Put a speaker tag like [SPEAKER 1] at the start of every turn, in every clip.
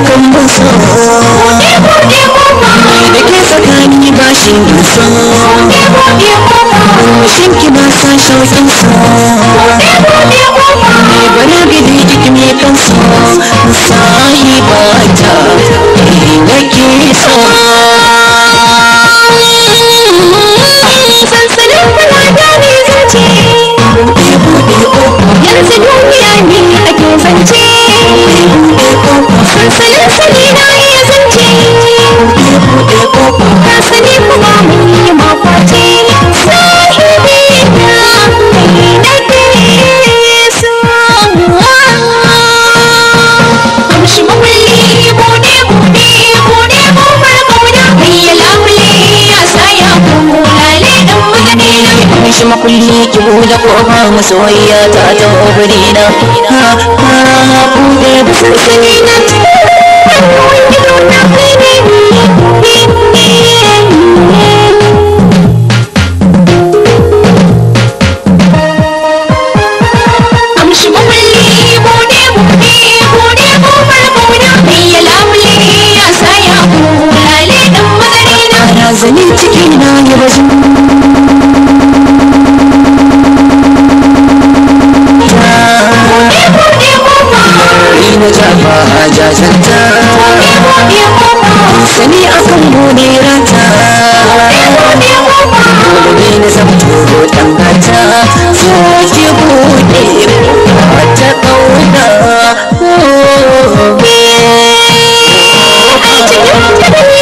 [SPEAKER 1] kan ban so da ke tsakani ba shi na so shin ki ba sa shauƙin so ne bara gidi ikimi kan so musa ba ta buɗe kofa ka sani kuma mun yi makwaci sahibi buɗe buɗe buɗe a saya kulale dan magane na makulli ki buɗe kofa masoyiya ta ta obirina ha ha buɗe buɗe na zanin ciki na ya bazu na jafa a jajanta gode akan bude rata dole na zamto dan gata so ki bude kauna Ai cikin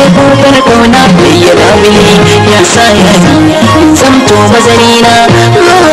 [SPEAKER 1] ya gogar kauna bayyana mini ya sa ya zamto mazarina